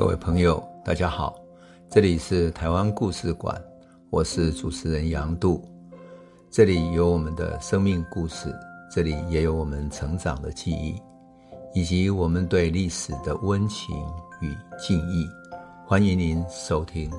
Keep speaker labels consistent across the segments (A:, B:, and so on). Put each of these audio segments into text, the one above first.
A: 各位朋友，大家好，這裡是台灣故事館，我是主持人楊渡，這裡有我們的生命故事，這裡也有我們成長的記憶，以及我們對歷史的溫情與敬意。歡迎您收聽。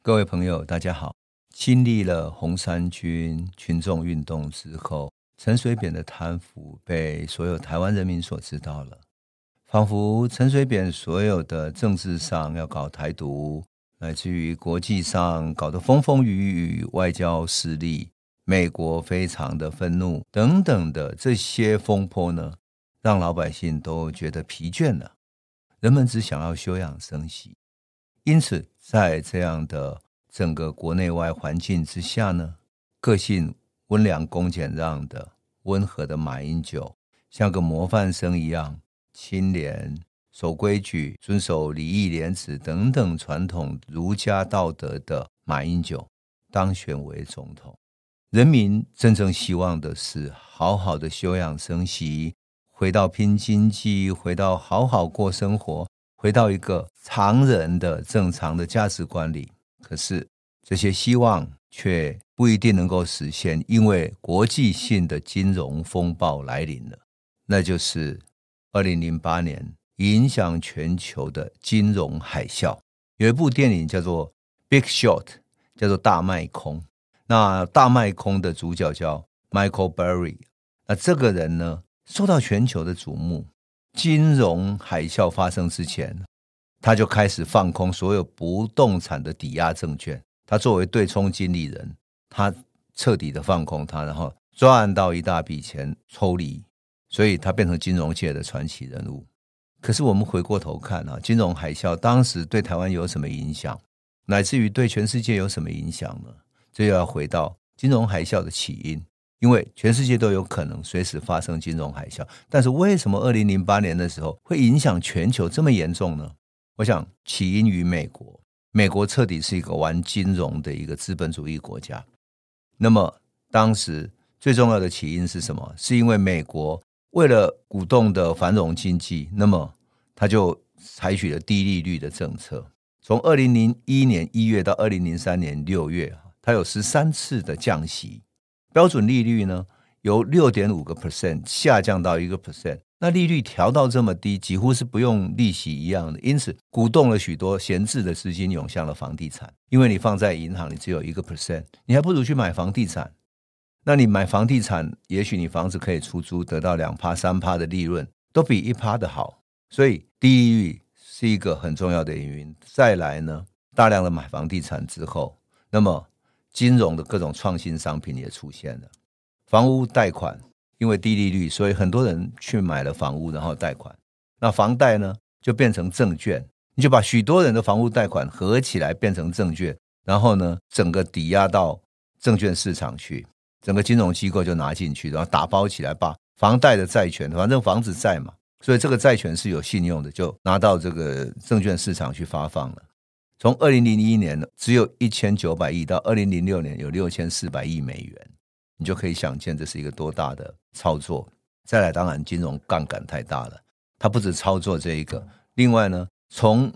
A: 各位朋友，大家好，經歷了紅衫軍群眾運動之後，陳水扁的貪腐被所有台灣人民所知道了。仿佛陳水扁所有的政治上要搞台獨，乃至於國際上搞得風風雨雨，外交失利，美國非常的憤怒等等的這些風波呢，讓老百姓都覺得疲倦了，人們只想要休養生息。因此，在這樣的整個國內外環境之下呢，個性溫良恭儉讓的溫和的馬英九，像個模範生一樣。清廉、守規矩、遵守禮義廉恥等等傳統儒家道德的馬英九當選為總統，人民真正希望的是好好的休養生息，回到拼經濟，回到好好過生活，回到一個常人的正常的價值觀裡。可是這些希望卻不一定能夠實現，因為國際性的金融風暴來臨了，那就是。二零零八年，影響全球的金融海嘯，有一部電影叫做《Big Short》，叫做《大賣空》。那大賣空的主角叫 Michael Burry。那這個人呢，受到全球的矚目。金融海嘯發生之前，他就開始放空所有不動產的抵押證券。他作為對沖經理人，他徹底的放空它，然後賺到一大筆錢，抽離。所以他變成金融界的傳奇人物。可是我們回過頭看啊，金融海嘯當時對台灣有什麼影響，乃至於對全世界有什麼影響呢？這又要回到金融海嘯的起因，因為全世界都有可能隨時發生金融海嘯。但是為什麼二零零八年的時候會影響全球這麼嚴重呢？我想起因於美國，美國徹底是一個玩金融的一個資本主義國家。那麼當時最重要的起因是什麼？是因為美國。為了鼓動的繁榮經濟，那麼他就採取了低利率的政策。從二零零一年一月到二零零三年六月，他有十三次的降息，標準利率呢，由六點五個 percent 下降到一個 percent。那利率調到這麼低，幾乎是不用利息一樣的，因此鼓動了許多閒置的資金湧向了房地產。因為你放在銀行裡只有一個 percent，你還不如去買房地產。那你買房地產，也許你房子可以出租，得到兩趴三趴的利潤，都比一趴的好。所以低利率是一個很重要的原因。再來呢，大量的買房地產之後，那麼金融的各種創新商品也出現了。房屋貸款因為低利率，所以很多人去買了房屋，然後貸款。那房貸呢，就變成證券，你就把許多人的房屋貸款合起來變成證券，然後呢，整個抵押到證券市場去。整個金融機構就拿進去，然後打包起來，把房貸的債權，反正房子債嘛，所以這個債權是有信用的，就拿到這個證券市場去發放了。從二零零一年只有一千九百億，到二零零六年有六千四百億美元，你就可以想見，這是一個多大的操作。再來，當然金融槓桿太大了，它不止操作這一個，另外呢，從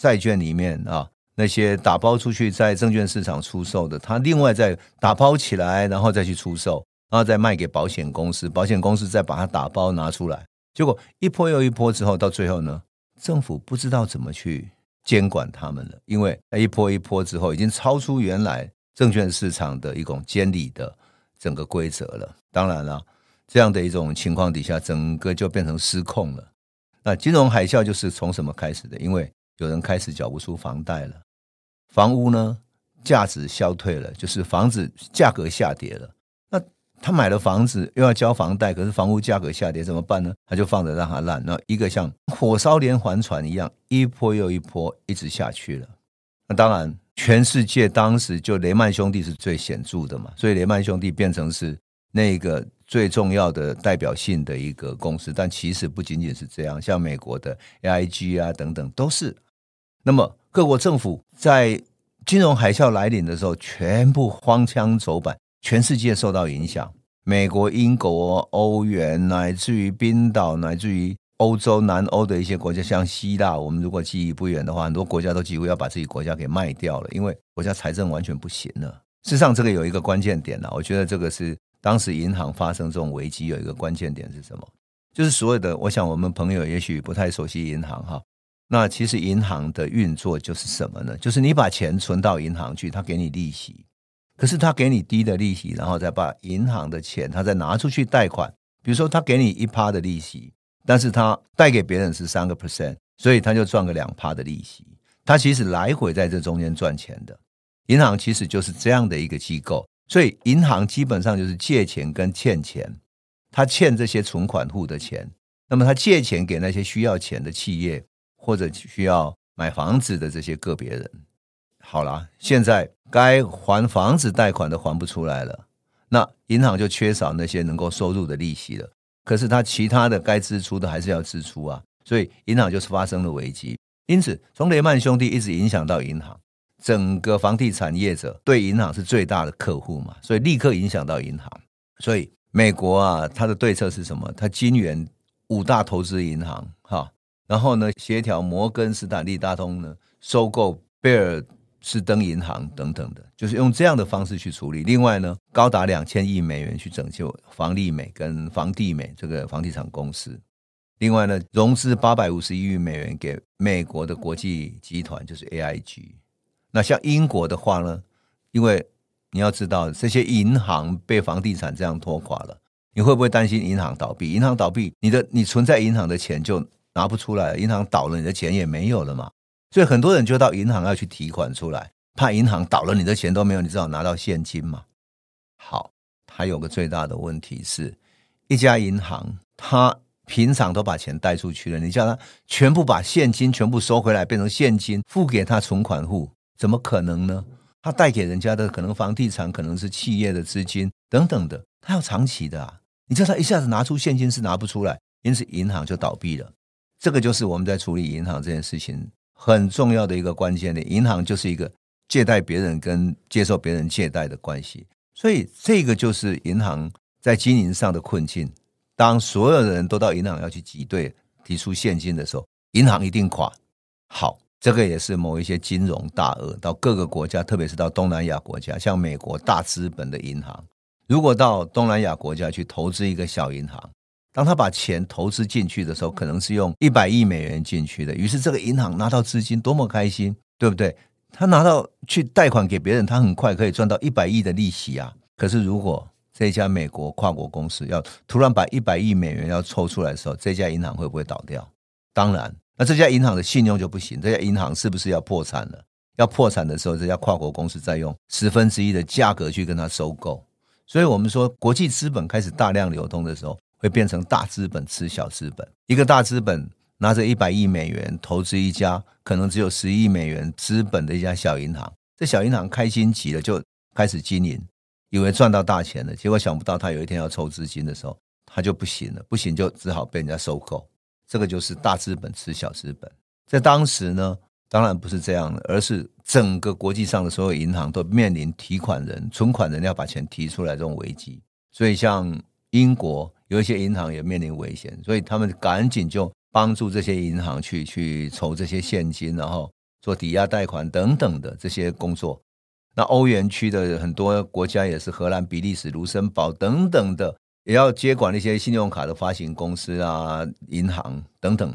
A: 債券裡面啊。那些打包出去在證券市場出售的，他另外再打包起來，然後再去出售，然後再賣給保險公司，保險公司再把它打包拿出來，結果一波又一波之後，到最後呢，政府不知道怎麼去監管他們了，因為一波一波之後已經超出原來證券市場的一種監理的整個規則了。當然了啊，這樣的一種情況底下，整個就變成失控了。那金融海嘯就是從什麼開始的？因為有人開始繳不出房貸了。房屋呢，價值消退了，就是房子價格下跌了。那他買了房子又要交房貸，可是房屋價格下跌怎麼辦呢？他就放着讓它爛。那一個像火燒連環船一樣，一波又一波一直下去了。那當然，全世界當時就雷曼兄弟是最顯著的嘛，所以雷曼兄弟變成是那個最重要的代表性的一個公司。但其實不僅僅是這樣，像美國的 AIG 啊等等都是。那麼。各國政府在金融海嘯來臨的時候，全部荒腔走板，全世界受到影響。美國、英國、歐元，乃至於冰島，乃至於歐洲南歐的一些國家，像希臘，我們如果記憶不遠的話，很多國家都幾乎要把自己國家給賣掉了，因為國家財政完全不行了。事實上，這個有一個關鍵點呢，我覺得這個是當時銀行發生這種危機有一個關鍵點是什麼？就是所有的，我想我們朋友也許不太熟悉銀行哈。那其實銀行的運作就是什麼呢？就是你把錢存到銀行去，他給你利息，可是他給你低的利息，然後再把銀行的錢他再拿出去貸款。比如說他給你一趴的利息，但是他貸給別人是三個 percent，所以他就賺個兩趴的利息。他其實來回在這中間賺錢的。銀行其實就是這樣的一個機構，所以銀行基本上就是借錢跟欠錢。他欠這些存款戶的錢，那麼他借錢給那些需要錢的企業。或者需要買房子的這些個別人，好啦，現在該還房子貸款都還不出來了，那銀行就缺少那些能夠收入的利息了。可是他其他的該支出的還是要支出啊，所以銀行就是發生了危機。因此，從雷曼兄弟一直影響到銀行，整個房地產業者對銀行是最大的客戶嘛，所以立刻影響到銀行。所以美國啊，他的對策是什麼？他金援五大投資銀行哈。然後呢，協調摩根斯坦利、大通呢收購貝爾斯登銀行等等的，就是用這樣的方式去處理。另外呢，高達兩千億美元去拯救房利美跟房地美這個房地產公司。另外呢，融資八百五十億美元給美國的國際集團，就是 AIG。那像英國的話呢，因為你要知道，這些銀行被房地產這樣拖垮了，你會不會擔心銀行倒閉？銀行倒閉，你的你存在銀行的錢就，拿不出來，銀行倒了，你的錢也沒有了嘛。所以很多人就到銀行要去提款出來，怕銀行倒了，你的錢都沒有，你只好拿到現金嘛。好，還有個最大的問題是，一家銀行他平常都把錢貸出去了，你叫他全部把現金全部收回來，變成現金付給他存款戶，怎麼可能呢？他貸給人家的可能房地產，可能是企業的資金等等的，他要長期的啊。你叫他一下子拿出現金是拿不出來，因此銀行就倒閉了。這個就是我們在處理銀行這件事情很重要的一個關鍵點。銀行就是一個借貸別人跟接受別人借貸的關係，所以這個就是銀行在經營上的困境。當所有的人都到銀行要去擠兌，提出現金的時候，銀行一定垮。好，這個也是某一些金融大鱷到各個國家，特別是到東南亞國家，像美國大資本的銀行，如果到東南亞國家去投資一個小銀行。當他把錢投資進去的時候，可能是用一百億美元進去的，於是這個銀行拿到資金多麼開心，對不對？他拿到去貸款給別人，他很快可以賺到一百億的利息啊。可是，如果這家美國跨國公司要突然把一百億美元要抽出來的時候，這家銀行會不會倒掉？當然，那這家銀行的信用就不行，這家銀行是不是要破產了？要破產的時候，這家跨國公司再用十分之一的價格去跟他收購。所以我們說，國際資本開始大量流通的時候，會變成大資本吃小資本。一個大資本拿着一百億美元投資一家可能只有十億美元資本的一家小銀行，這小銀行開心極了，就開始經營，以為賺到大錢了。結果想不到他有一天要抽資金的時候，他就不行了，不行就只好被人家收購。這個就是大資本吃小資本。在當時呢，當然不是這樣的，而是整個國際上的所有銀行都面臨提款人、存款人要把錢提出來這種危機。所以像英國。有一些銀行也面臨危險，所以他們趕緊就幫助這些銀行去去籌這些現金，然後做抵押貸款等等的這些工作。那歐元區的很多國家也是荷蘭、比利時、盧森堡等等的，也要接管那些信用卡的發行公司啊、銀行等等。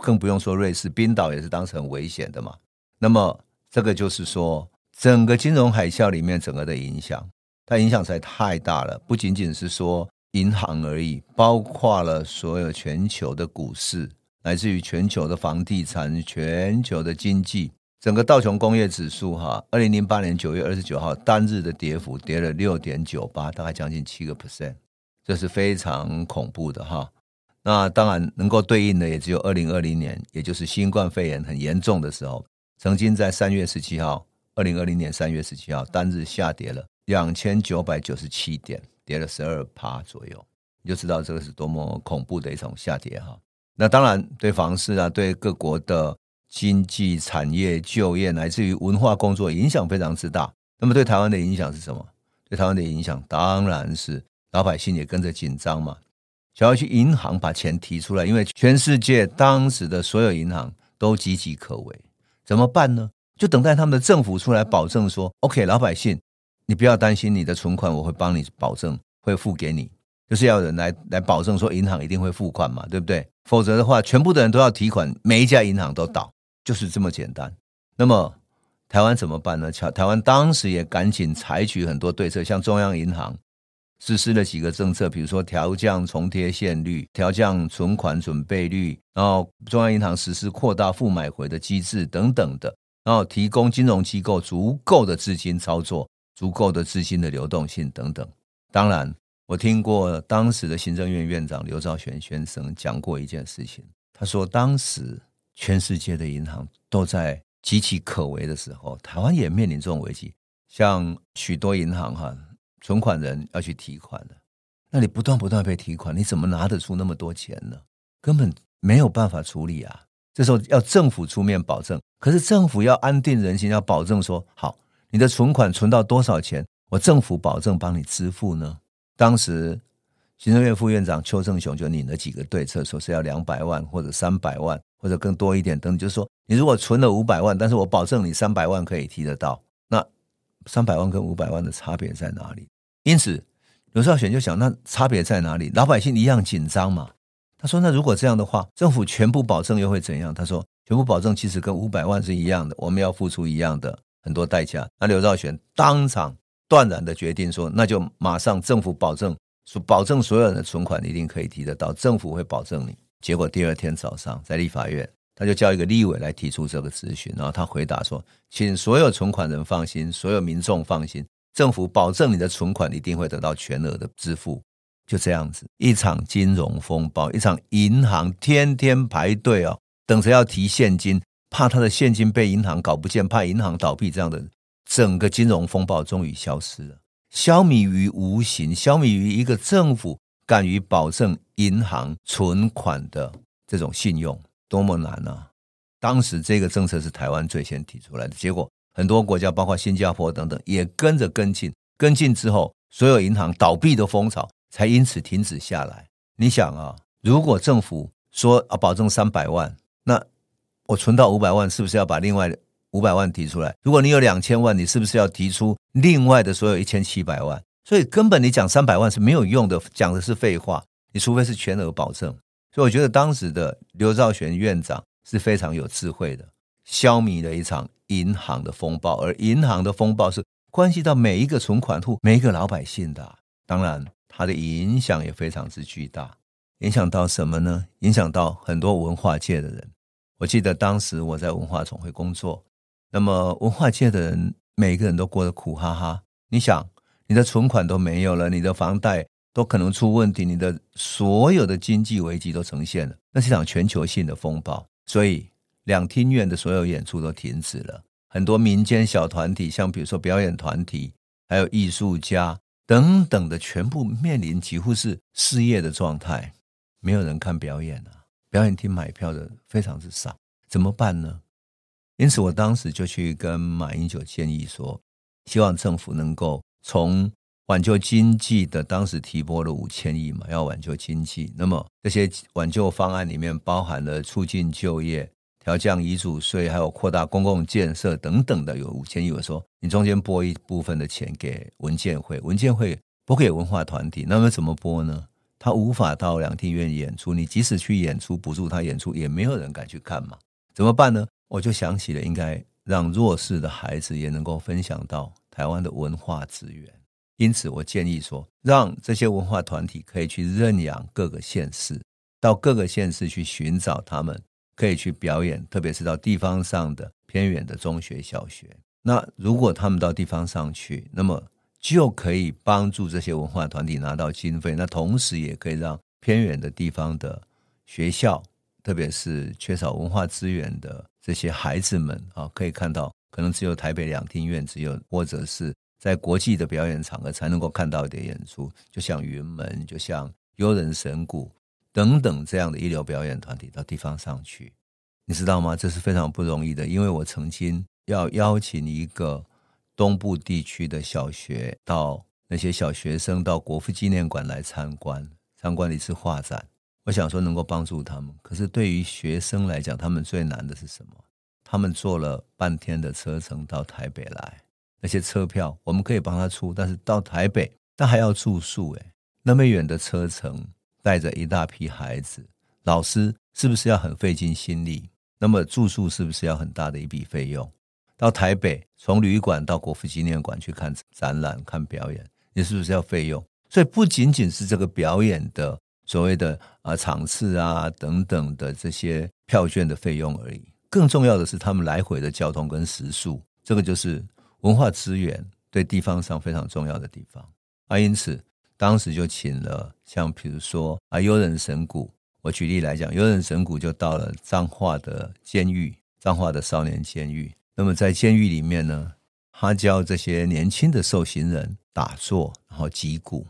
A: 更不用說瑞士、冰島也是當時很危險的嘛。那麼這個就是說，整個金融海嘯裡面整個的影響，它影響實在太大了，不僅僅是說。銀行而已，包括了所有全球的股市，來自於全球的房地產、全球的經濟，整個道瓊工業指數哈，二零零八年九月二十九號單日的跌幅跌了六點九八，大概將近七個 percent，這是非常恐怖的哈。那當然能夠對應的也只有二零二零年，也就是新冠肺炎很嚴重的時候，曾經在三月十七號，二零二零年三月十七號單日下跌了兩千九百九十七點。跌了十二趴左右，你就知道這個是多麼恐怖的一種下跌哈。那當然對房市啊，對各國的經濟、產業、就業，乃至於文化工作影響非常之大。那麼對台灣的影響是什麼？對台灣的影響，當然是老百姓也跟着緊張嘛，想要去銀行把錢提出來，因為全世界當時的所有銀行都岌岌可危，怎麼辦呢？就等待他們的政府出來保證說：“OK，老百姓。”你不要擔心你的存款，我會幫你保證會付給你，就是要有人來來保證說銀行一定會付款嘛，對不對？否則的話，全部的人都要提款，每一家銀行都倒，就是這麼簡單。那麼台灣怎麼辦呢？台台灣當時也趕緊採取很多對策，像中央銀行實施了幾個政策，比如說調降重貼現率、調降存款準備率，然後中央銀行實施擴大附買回的機制等等的，然後提供金融機構足夠的資金操作。足夠的資金的流動性等等。當然，我聽過當時的行政院院長劉兆玄先生講過一件事情。他說，當時全世界的銀行都在岌岌可危的時候，台灣也面臨這種危機。像許多銀行哈、啊，存款人要去提款了，那你不斷不斷被提款，你怎麼拿得出那麼多錢呢？根本沒有辦法處理啊！這時候要政府出面保證，可是政府要安定人心，要保證說好。你的存款存到多少錢，我政府保證幫你支付呢？當時行政院副院長邱正雄就擬了幾個對策，說是要兩百萬或者三百萬或者更多一點。等於就是說，你如果存了五百萬，但是我保證你三百萬可以提得到。那三百萬跟五百萬的差別在哪裡？因此，劉兆玄就想，那差別在哪裡？老百姓一樣緊張嘛。他說，那如果這樣的話，政府全部保證又會怎樣？他說，全部保證其實跟五百萬是一樣的，我們要付出一樣的。很多代價，那劉兆玄當場斷然的決定說：“那就馬上政府保證，說保證所有人的存款一定可以提得到，政府會保證你。”結果第二天早上在立法院，他就叫一個立委來提出這個質詢，然後他回答說：“請所有存款人放心，所有民眾放心，政府保證你的存款一定會得到全額的支付。”就這樣子，一場金融風暴，一場銀行天天排隊哦，等着要提現金，怕他的現金被銀行搞不見，怕銀行倒閉，這樣的整個金融風暴終於消失了，消弭於無形，消弭於一個政府敢於保證銀行存款的這種信用，多麼難呢、啊？當時這個政策是台灣最先提出來的，結果很多國家，包括新加坡等等，也跟着跟進，跟進之後，所有銀行倒閉的風潮才因此停止下來。你想啊，如果政府說啊，保證三百萬，那？我存到五百萬，是不是要把另外的五百萬提出來？如果你有兩千萬，你是不是要提出另外的所有一千七百萬？所以根本你講三百萬是沒有用的，講的是廢話。你除非是全額保證。所以我覺得當時的劉兆玄院長是非常有智慧的，消弭了一場銀行的風暴，而銀行的風暴是關係到每一個存款戶、每一個老百姓的啊。當然，它的影響也非常之巨大，影響到什麼呢？影響到很多文化界的人。我記得當時我在文化總會工作，那麼文化界的人每個人都過得苦哈哈。你想，你的存款都沒有了，你的房貸都可能出問題，你的所有的經濟危機都呈現了，那是一場全球性的風暴。所以，兩廳院的所有演出都停止了，很多民間小團體，像比如說表演團體，還有藝術家等等的，全部面臨幾乎是失業的狀態，沒有人看表演了啊。表演廳買票的非常之少，怎麼辦呢？因此，我當時就去跟馬英九建議說，希望政府能夠從挽救經濟的當時提撥了五千億嘛，要挽救經濟。那麼這些挽救方案裡面包含了促進就業、調降遺囑稅，還有擴大公共建設等等的，有五千億。我說，你中間撥一部分的錢給文建會，文建會撥給文化團體，那麼怎麼撥呢？他無法到兩廳院演出，你即使去演出補助他演出，也沒有人敢去看嘛。怎麼辦呢？我就想起了應該讓弱勢的孩子也能夠分享到台灣的文化資源，因此我建議說，讓這些文化團體可以去認養各個縣市，到各個縣市去尋找他們可以去表演，特別是到地方上的偏遠的中學、小學。那如果他們到地方上去，那麼。就可以幫助這些文化團體拿到經費，那同時也可以讓偏遠的地方的學校，特別是缺少文化資源的這些孩子們啊，可以看到可能只有台北兩廳院，只有或者是在國際的表演場合才能夠看到一點演出，就像雲門，就像優人神鼓等等這樣的一流表演團體到地方上去，你知道嗎？這是非常不容易的，因為我曾經要邀請一個。東部地區的小學到那些小學生到國父紀念館來參觀，參觀一次畫展。我想說能夠幫助他們，可是對於學生來講，他們最難的是什麼？他們坐了半天的車程到台北來，那些車票我們可以幫他出，但是到台北他還要住宿、欸，誒，那麼遠的車程，帶着一大批孩子，老師是不是要很費盡心力？那麼住宿是不是要很大的一筆費用？到台北，從旅館到國父紀念館去看展覽，看表演，你是不是要費用？所以不僅僅是這個表演的所謂的啊場次啊等等的這些票券的費用而已，更重要的是他們來回的交通跟食宿。這個就是文化資源對地方上非常重要的地方。而、啊、因此，當時就請了像譬如說啊，優人神鼓，我舉例來講，優人神鼓就到了彰化的監獄，彰化的少年監獄。那麼在監獄裡面呢，他教這些年輕的受刑人打坐，然後擊鼓。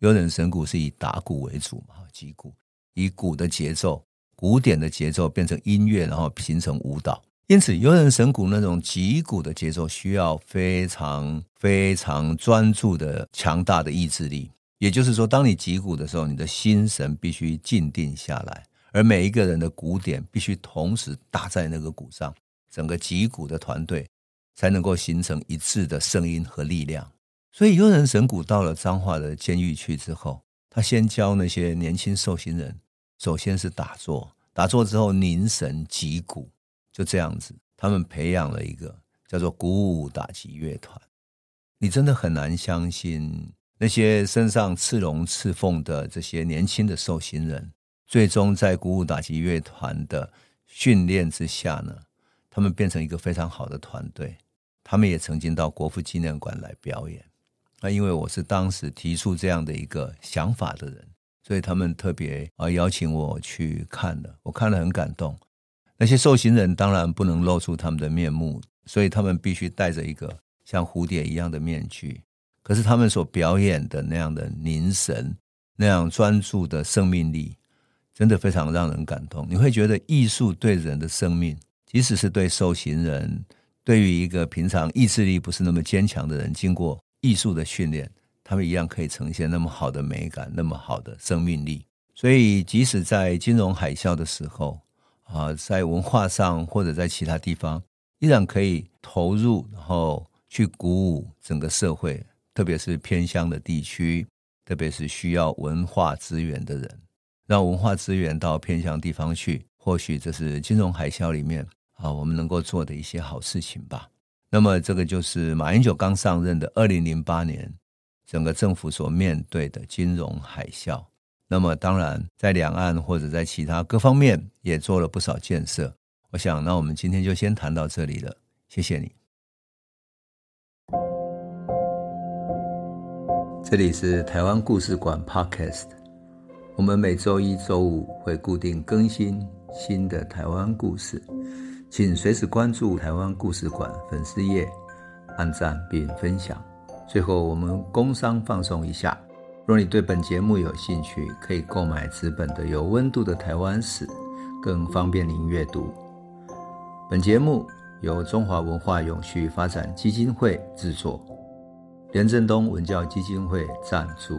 A: 優人神鼓是以打鼓為主嘛，擊鼓以鼓的節奏、鼓點的節奏變成音樂，然後形成舞蹈。因此，優人神鼓那種擊鼓的節奏需要非常非常專注的、強大的意志力。也就是說，當你擊鼓的時候，你的心神必須靜定下來，而每一個人的鼓點必須同時打在那個鼓上。整個擊鼓的團隊才能夠形成一致的聲音和力量。所以，優人神鼓到了彰化的監獄去之後，他先教那些年輕受刑人，首先是打坐，打坐之後凝神擊鼓，就這樣子，他們培養了一個叫做鼓舞打擊樂團。你真的很難相信那些身上刺龍刺鳳的這些年輕的受刑人，最終在鼓舞打擊樂團的訓練之下呢。他們變成一個非常好的團隊。他們也曾經到國父紀念館來表演。那因為我是當時提出這樣的一個想法的人，所以他們特別啊邀請我去看了。我看了很感動。那些受刑人當然不能露出他們的面目，所以他們必須戴着一個像蝴蝶一樣的面具。可是他們所表演的那樣的凝神、那樣專注的生命力，真的非常讓人感動。你會覺得藝術對人的生命，即使是對受刑人，對於一個平常意志力不是那麼堅強的人，經過藝術的訓練，他們一樣可以呈現那麼好的美感，那麼好的生命力。所以，即使在金融海嘯的時候，啊、呃，在文化上或者在其他地方，依然可以投入，然後去鼓舞整個社會，特別是偏鄉的地區，特別是需要文化資源的人，讓文化資源到偏鄉地方去。或許這是金融海嘯裡面。啊，我們能夠做的一些好事情吧。那麼，這個就是馬英九剛上任的二零零八年，整個政府所面對的金融海嘯。那麼，當然在兩岸或者在其他各方面也做了不少建設。我想，那我們今天就先談到這裡了。謝謝你。這裡是台灣故事館 Podcast，我們每周一周五會固定更新新的台灣故事。請隨時關注台灣故事館粉絲頁，按讚並分享。最後，我們工商放鬆一下。若你對本節目有興趣，可以購買紙本的《有溫度的台灣史》，更方便您閱讀。本節目由中華文化永續發展基金會制作，連震東文教基金會贊助。